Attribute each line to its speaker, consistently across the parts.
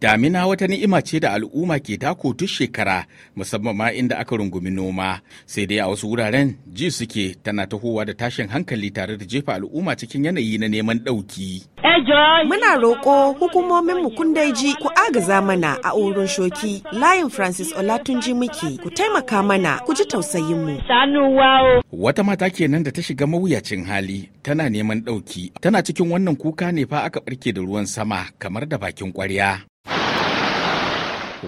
Speaker 1: Damina wata ni'ima ce da al'umma ke tako tun shekara musamman ma inda aka rungumi noma sai dai a wasu wuraren ji suke tana tahowa da tashin hankali tare da jefa al'umma cikin yanayi na neman ɗauki. Muna roƙo hukumomin mu kun dai ji ku agaza mana a orin shoki layin Francis Olatunji muke ku taimaka mana ku ji tausayin mu. Wata mata kenan da ta shiga mawuyacin hali tana neman ɗauki tana cikin wannan kuka ne fa aka ɓarke da ruwan sama kamar da bakin ƙwarya.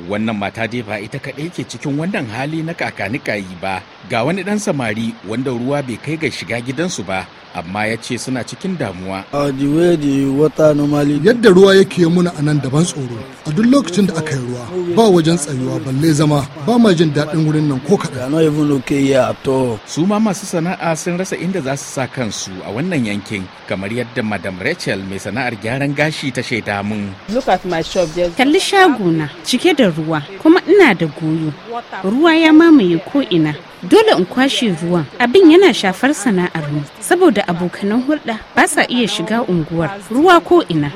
Speaker 1: wannan mata dai ba ita kaɗai ke cikin wannan hali na kakanikayi ba ga wani dan samari wanda ruwa bai kai ga shiga gidansu ba amma ya ce suna cikin damuwa. Uh, yadda ruwa yake muna a nan daban tsoro, a duk lokacin da aka yi ruwa ba wajen tsayuwa balle zama ba ma jin daɗin wurin nan ko kaɗan. Su ma masu sana'a sun rasa inda za su sa kansu a wannan yankin kamar yadda Madam Rachel mai sana'ar gyaran gashi ta shaida mun. Kalli na cike da ruwa kuma ina da goyo. Ruwa ya mamaye ko ina. dole in kwashe ruwan abin yana shafar sana'ar mu saboda abokanan hulɗa ba sa iya shiga unguwar ruwa ko ina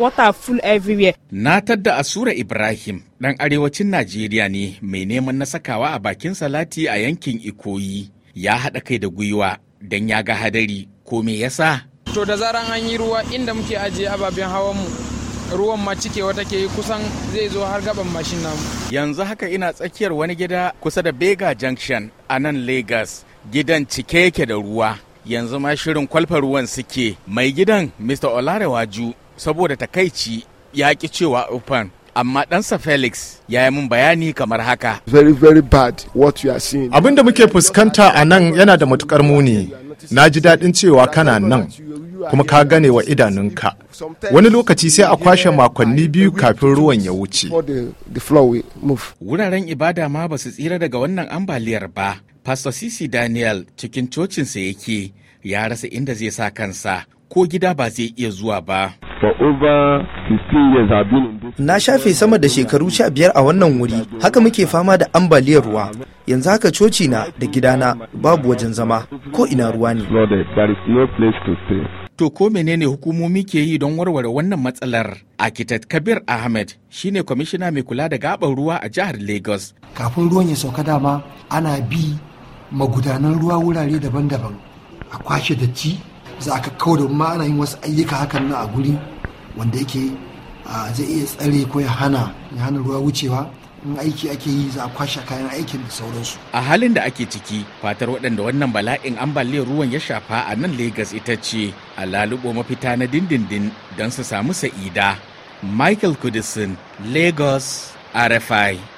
Speaker 1: na tadda asura ibrahim dan arewacin najeriya ne mai neman na sakawa a bakin salati a yankin ikoyi ya haɗa kai da gwiwa don ya ga hadari ko me yasa to da zaran an yi ruwa inda muke ajiye ababen hawan mu ruwan ma cikewa take yi kusan zai zo har gaban mashin namu. Yanzu haka ina tsakiyar wani gida kusa da Bega Junction a nan Lagos. Gidan cike yake da ruwa. Yanzu ma shirin kwalfa ruwan suke. Mai gidan Mr. Olarewaju saboda takaici ya ki cewa open amma ɗansa Felix ya yi mun bayani kamar haka. Very very bad what you are seeing. Abin da muke fuskanta a nan yana da matukar muni. Na ji daɗin cewa kana nan kuma ka gane wa idanunka. Wani lokaci sai a kwashe makonni biyu kafin ruwan ya wuce. Wuraren ibada ma ba su tsira daga wannan ambaliyar ba. Pastor Sisi Daniel cikin cocinsa yake ya rasa inda zai sa kansa ko gida ba zai iya zuwa ba. Na shafe sama da shekaru sha biyar a wannan wuri, haka muke fama da ambaliyar ruwa. Yanzu haka coci na da gidana babu wajen zama, ko ina ruwa ne. To ko menene hukumomi ke yi don warware wannan matsalar? Akitat Kabir Ahmed shine kwamishina mai kula da gaɓar ruwa a jihar Lagos. Kafin ruwan ya sauka dama ana bi magudanan ruwa wurare daban-daban a kwashe datti za a kakkau da ma ana yin wasu ayyuka hakan na a guri wanda yake zai iya tsare ko ya hana ruwa wucewa in aiki ake yi za a kwashe kayan aikin da sauransu a halin da ake ciki fatar waɗanda wannan bala'in ambaliyar ruwan ya shafa a nan Legas ita ce a lalubo mafita na dindindin don su samu sa'ida michael kudisin lagos rfi